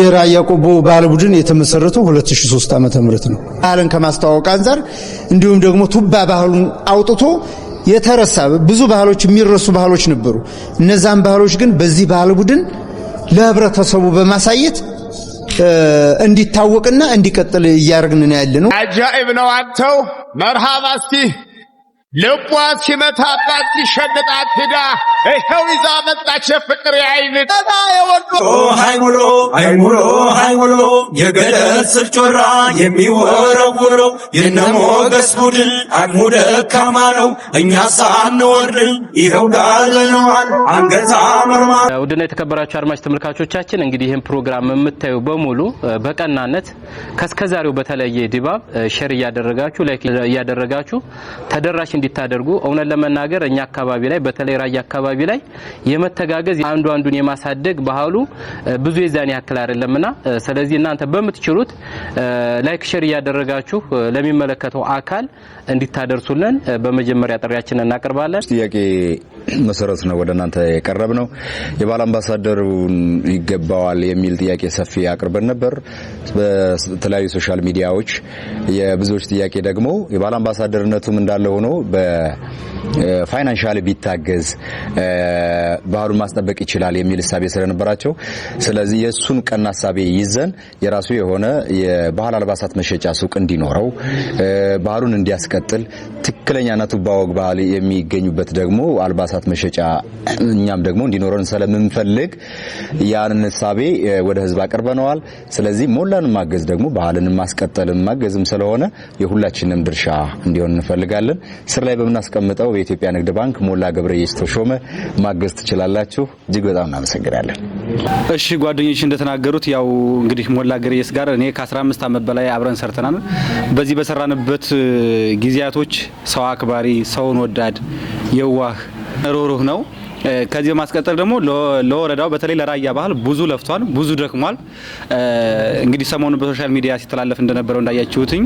የራያ ቆቦ ባህል ቡድን የተመሰረተው 2003 ዓመተ ምህረት ነው። ባህልን ከማስተዋወቅ አንጻር እንዲሁም ደግሞ ቱባ ባህሉን አውጥቶ የተረሳ ብዙ ባህሎች የሚረሱ ባህሎች ነበሩ። እነዛን ባህሎች ግን በዚህ ባህል ቡድን ለህብረተሰቡ በማሳየት እንዲታወቅና እንዲቀጥል እያደረግን ያለ ነው። አጃኢብ ነው። አንተው መርሃባ እስቲ ልቧ ሲመታባት ሲሸግጥ አትዳ ይኸው ይዛ መጣች ፍቅር የአይን ጠና የወሎ ሃይሙሎ ሃይሙሎ ሃይሙሎ የገደል ስር ጮራ የሚወረውረው የነሞገስ ቡድን አቅሙ ደካማ ነው። እኛ ሳንወርድ ይኸው ዳለነዋል አንገዛ መርማ። ውድና የተከበራችሁ አድማጭ ተመልካቾቻችን እንግዲህ ይህን ፕሮግራም የምታዩ በሙሉ በቀናነት ከስከዛሬው በተለየ ድባብ ሼር እያደረጋችሁ ላይክ እያደረጋችሁ ተደራሽ እንዲታደርጉ እውነት ለመናገር እኛ አካባቢ ላይ በተለይ ራያ አካባቢ ላይ የመተጋገዝ አንዱ አንዱን የማሳደግ ባህሉ ብዙ የዛን ያክል አይደለምና ስለዚህ እናንተ በምትችሉት ላይክ ሼር እያደረጋችሁ ለሚመለከተው አካል እንዲታደርሱልን በመጀመሪያ ጥሪያችንን እናቀርባለን። ጥያቄ መሰረት ነው ወደ እናንተ የቀረብ ነው። የባህል አምባሳደሩን ይገባዋል የሚል ጥያቄ ሰፊ አቅርበን ነበር በተለያዩ ሶሻል ሚዲያዎች። የብዙዎች ጥያቄ ደግሞ የባህል አምባሳደርነቱም እንዳለ ሆኖ በፋይናንሻል ቢታገዝ ባህሉን ማስጠበቅ ይችላል የሚል እሳቤ ስለነበራቸው ስለዚህ የእሱን ቀና እሳቤ ይዘን የራሱ የሆነ የባህል አልባሳት መሸጫ ሱቅ እንዲኖረው ባህሉን እንዲያስቀጥል ትክክለኛና ቱባ ወግ ባህል የሚገኙበት ደግሞ አልባሳት መሸጫ እኛም ደግሞ እንዲኖረን ስለምንፈልግ ያንን እሳቤ ወደ ህዝብ አቅርበነዋል። ስለዚህ ሞላን ማገዝ ደግሞ ባህልን ማስቀጠልን ማገዝም ስለሆነ የሁላችንም ድርሻ እንዲሆን እንፈልጋለን። ስር ላይ በምናስቀምጠው በኢትዮጵያ ንግድ ባንክ ሞላ ገብረየስ ተሾመ ማገዝ ትችላላችሁ። እጅግ በጣም እናመሰግናለን። እሺ ጓደኞች እንደተናገሩት ያው እንግዲህ ሞላ ገብረየስ ጋር እኔ ከ15 ዓመት በላይ አብረን ሰርተናል። በዚህ በሰራንበት ጊዜያቶች ሰው አክባሪ፣ ሰውን ወዳድ፣ የዋህ፣ ሩህሩህ ነው። ከዚህ በማስቀጠል ደግሞ ለወረዳው በተለይ ለራያ ባህል ብዙ ለፍቷል፣ ብዙ ደክሟል። እንግዲህ ሰሞኑን በሶሻል ሚዲያ ሲተላለፍ እንደነበረው እንዳያችሁትኝ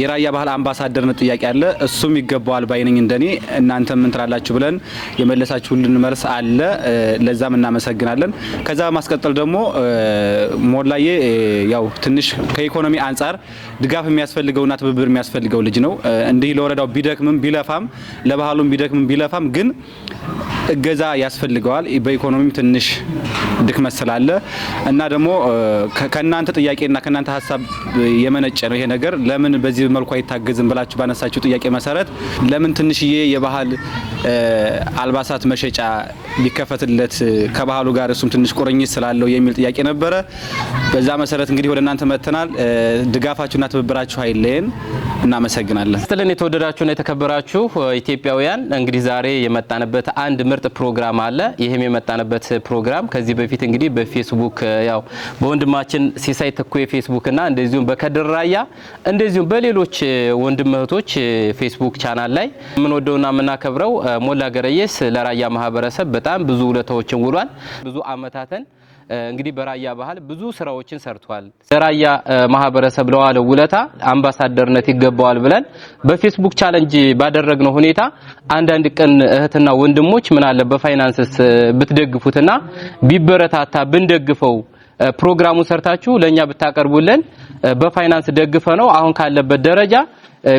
የራያ ባህል አምባሳደርነት ጥያቄ አለ። እሱም ይገባዋል ባይነኝ እንደኔ። እናንተ ምን ትላላችሁ ብለን የመለሳችሁልን መልስ አለ። ለዛም እናመሰግናለን። ከዛ በማስቀጠል ደግሞ ሞላዬ ያው ትንሽ ከኢኮኖሚ አንጻር ድጋፍ የሚያስፈልገውና ትብብር የሚያስፈልገው ልጅ ነው። እንዲህ ለወረዳው ቢደክምም ቢለፋም ለባህሉም ቢደክምም ቢለፋም ግን እገዛ ያስፈልገዋል። በኢኮኖሚም ትንሽ ድክመት ስላለ እና ደግሞ ከእናንተ ጥያቄና ከእናንተ ሀሳብ የመነጨ ነው ይሄ ነገር ለምን በዚህ በዚህ መልኩ አይታገዝም ብላችሁ ባነሳችሁ ጥያቄ መሰረት ለምን ትንሽዬ የባህል አልባሳት መሸጫ ሊከፈትለት ከባህሉ ጋር እሱም ትንሽ ቁርኝት ስላለው የሚል ጥያቄ ነበረ። በዛ መሰረት እንግዲህ ወደ እናንተ መጥተናል። ድጋፋችሁና ትብብራችሁ አይለየን። እናመሰግናለን። ስትልን የተወደዳችሁና የተከበራችሁ ኢትዮጵያውያን እንግዲህ ዛሬ የመጣንበት አንድ ምርጥ ፕሮግራም አለ። ይህም የመጣንበት ፕሮግራም ከዚህ በፊት እንግዲህ በፌስቡክ ያው በወንድማችን ሲሳይ ተኩ የፌስቡክና እንደዚሁም በከድር ራያ እንደዚሁም በሌሎ ሌሎች ወንድም እህቶች ፌስቡክ ቻናል ላይ የምንወደውና የምናከብረው ሞላ ገረየስ ለራያ ማህበረሰብ በጣም ብዙ ውለታዎችን ውሏል። ብዙ አመታትን እንግዲህ በራያ ባህል ብዙ ስራዎችን ሰርቷል። ለራያ ማህበረሰብ ለዋለው ውለታ አምባሳደርነት ይገባዋል ብለን በፌስቡክ ቻለንጅ ባደረግነው ሁኔታ አንዳንድ ቀን እህትና ወንድሞች ምን አለ በፋይናንስስ ብትደግፉትና ቢበረታታ ብንደግፈው ፕሮግራሙ ሰርታችሁ ለኛ ብታቀርቡልን በፋይናንስ ደግፈ ነው አሁን ካለበት ደረጃ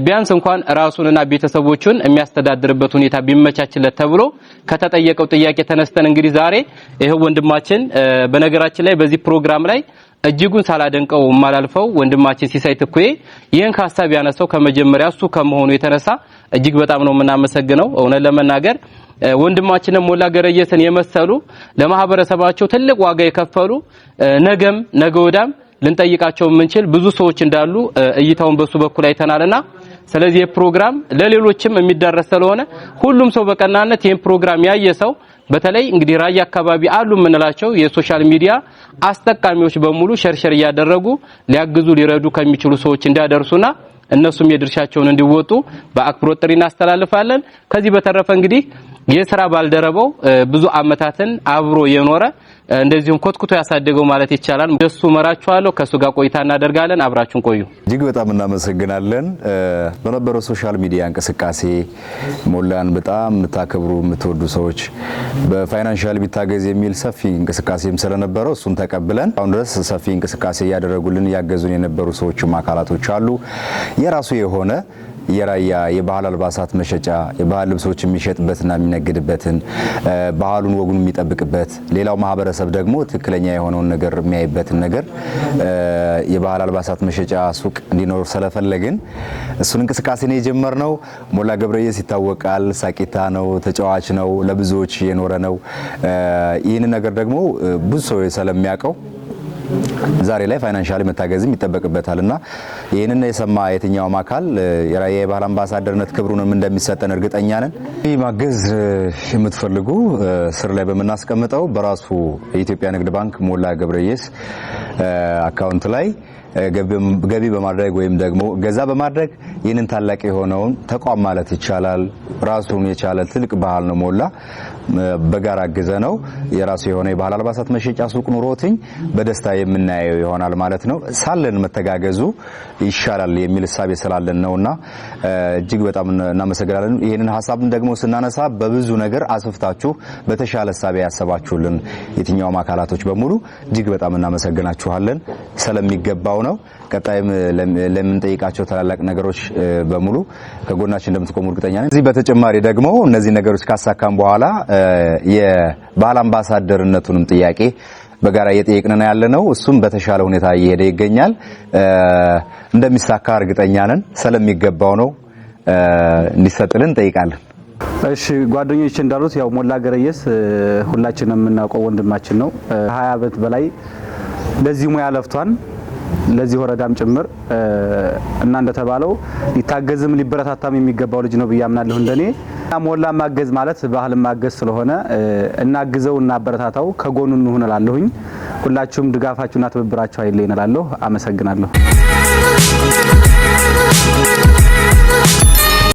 ቢያንስ እንኳን ራሱንና ቤተሰቦቹን የሚያስተዳድርበት ሁኔታ ቢመቻችለት ተብሎ ከተጠየቀው ጥያቄ ተነስተን እንግዲህ ዛሬ ይሄው ወንድማችን በነገራችን ላይ በዚህ ፕሮግራም ላይ እጅጉን ሳላደንቀው የማላልፈው ወንድማችን ሲሳይ ትኩዬ ይህን ሀሳብ ያነሳው ከመጀመሪያ እሱ ከመሆኑ የተነሳ እጅግ በጣም ነው የምናመሰግነው። እውነት ለመናገር ወንድማችን ሞላ ገረየስን የመሰሉ ለማህበረሰባቸው ትልቅ ዋጋ የከፈሉ ነገም ነገ ወዳም ልንጠይቃቸው የምንችል ብዙ ሰዎች እንዳሉ እይታውን በሱ በኩል አይተናልና ስለዚህ የፕሮግራም ለሌሎችም የሚዳረስ ስለሆነ ሁሉም ሰው በቀናነት ይህን ፕሮግራም ያየ ሰው በተለይ እንግዲህ ራያ አካባቢ አሉ የምንላቸው የሶሻል ሚዲያ አስጠቃሚዎች በሙሉ ሸርሸር እያደረጉ ሊያግዙ ሊረዱ ከሚችሉ ሰዎች እንዲያደርሱና እነሱም የድርሻቸውን እንዲወጡ በአክብሮት ጥሪ እናስተላልፋለን። ከዚህ በተረፈ እንግዲህ የስራ ባልደረባው ብዙ አመታትን አብሮ የኖረ እንደዚሁም ኮትኩቶ ያሳደገው ማለት ይቻላል። ደሱ መራችኋለሁ። ከሱ ጋር ቆይታ እናደርጋለን። አብራችሁን ቆዩ። እጅግ በጣም እናመሰግናለን። በነበረው ሶሻል ሚዲያ እንቅስቃሴ ሞላን በጣም የምታከብሩ የምትወዱ ሰዎች በፋይናንሻል ቢታገዝ የሚል ሰፊ እንቅስቃሴም ስለነበረው እሱን ተቀብለን አሁን ድረስ ሰፊ እንቅስቃሴ እያደረጉልን እያገዙን የነበሩ ሰዎችም አካላቶች አሉ የራሱ የሆነ የራያ የባህል አልባሳት መሸጫ የባህል ልብሶች የሚሸጥበትና የሚነግድበትን ባህሉን ወጉን የሚጠብቅበት ሌላው ማህበረሰብ ደግሞ ትክክለኛ የሆነውን ነገር የሚያይበትን ነገር የባህል አልባሳት መሸጫ ሱቅ እንዲኖር ስለፈለግን እሱን እንቅስቃሴ ነው የጀመርነው። ሞላ ገብረየስ ይታወቃል። ሳቂታ ነው፣ ተጫዋች ነው፣ ለብዙዎች የኖረ ነው። ይህን ነገር ደግሞ ብዙ ሰው ስለሚያውቀው ዛሬ ላይ ፋይናንሻሊ መታገዝም ይጠበቅበታል እና ይህንን የሰማ የትኛውም አካል የራያ የባህል አምባሳደርነት ክብሩንም እንደሚሰጠን እርግጠኛ ነን። ይህ ማገዝ የምትፈልጉ ስር ላይ በምናስቀምጠው በራሱ የኢትዮጵያ ንግድ ባንክ ሞላ ገብረየስ አካውንት ላይ ገቢ በማድረግ ወይም ደግሞ ገዛ በማድረግ ይህንን ታላቅ የሆነውን ተቋም ማለት ይቻላል ራሱን የቻለ ትልቅ ባህል ነው። ሞላ በጋራ አግዘ ነው የራሱ የሆነ የባህል አልባሳት መሸጫ ሱቅ ኑሮትኝ በደስታ የምናየው ይሆናል ማለት ነው። ሳለን መተጋገዙ ይሻላል የሚል እሳቤ ስላለን እና እጅግ በጣም እናመሰግናለን። ይህንን ሀሳብን ደግሞ ስናነሳ በብዙ ነገር አስፍታችሁ በተሻለ እሳቤ ያሰባችሁልን የትኛውም አካላቶች በሙሉ እጅግ በጣም እናመሰግናችሁ። እናመሰግናችኋለን። ስለሚገባው ነው። ቀጣይም ለምንጠይቃቸው ታላላቅ ነገሮች በሙሉ ከጎናችን እንደምትቆሙ እርግጠኛ ነኝ። እዚህ በተጨማሪ ደግሞ እነዚህ ነገሮች ካሳካም በኋላ የባህል አምባሳደርነቱንም ጥያቄ በጋራ እየጠየቅን ነው ያለ ነው። እሱም በተሻለ ሁኔታ እየሄደ ይገኛል። እንደሚሳካ እርግጠኛ ነን። ስለሚገባው ነው እንዲሰጥልን እንጠይቃለን። እሺ ጓደኞች እንዳሉት ያው ሞላ ገረየስ ሁላችንም የምናውቀው ወንድማችን ነው። ሀያ ዓመት በላይ ለዚህ ሙያ ለፍቷን ለዚህ ወረዳም ጭምር እና እንደተባለው ሊታገዝም ሊበረታታም የሚገባው ልጅ ነው ብዬ አምናለሁ። እንደኔ ሞላ ማገዝ ማለት ባህል ማገዝ ስለሆነ እናግዘው፣ እናበረታታው፣ ከጎኑ እንሁን እላለሁኝ። ሁላችሁም ድጋፋችሁና ትብብራችሁ አይለየን እላለሁ። አመሰግናለሁ።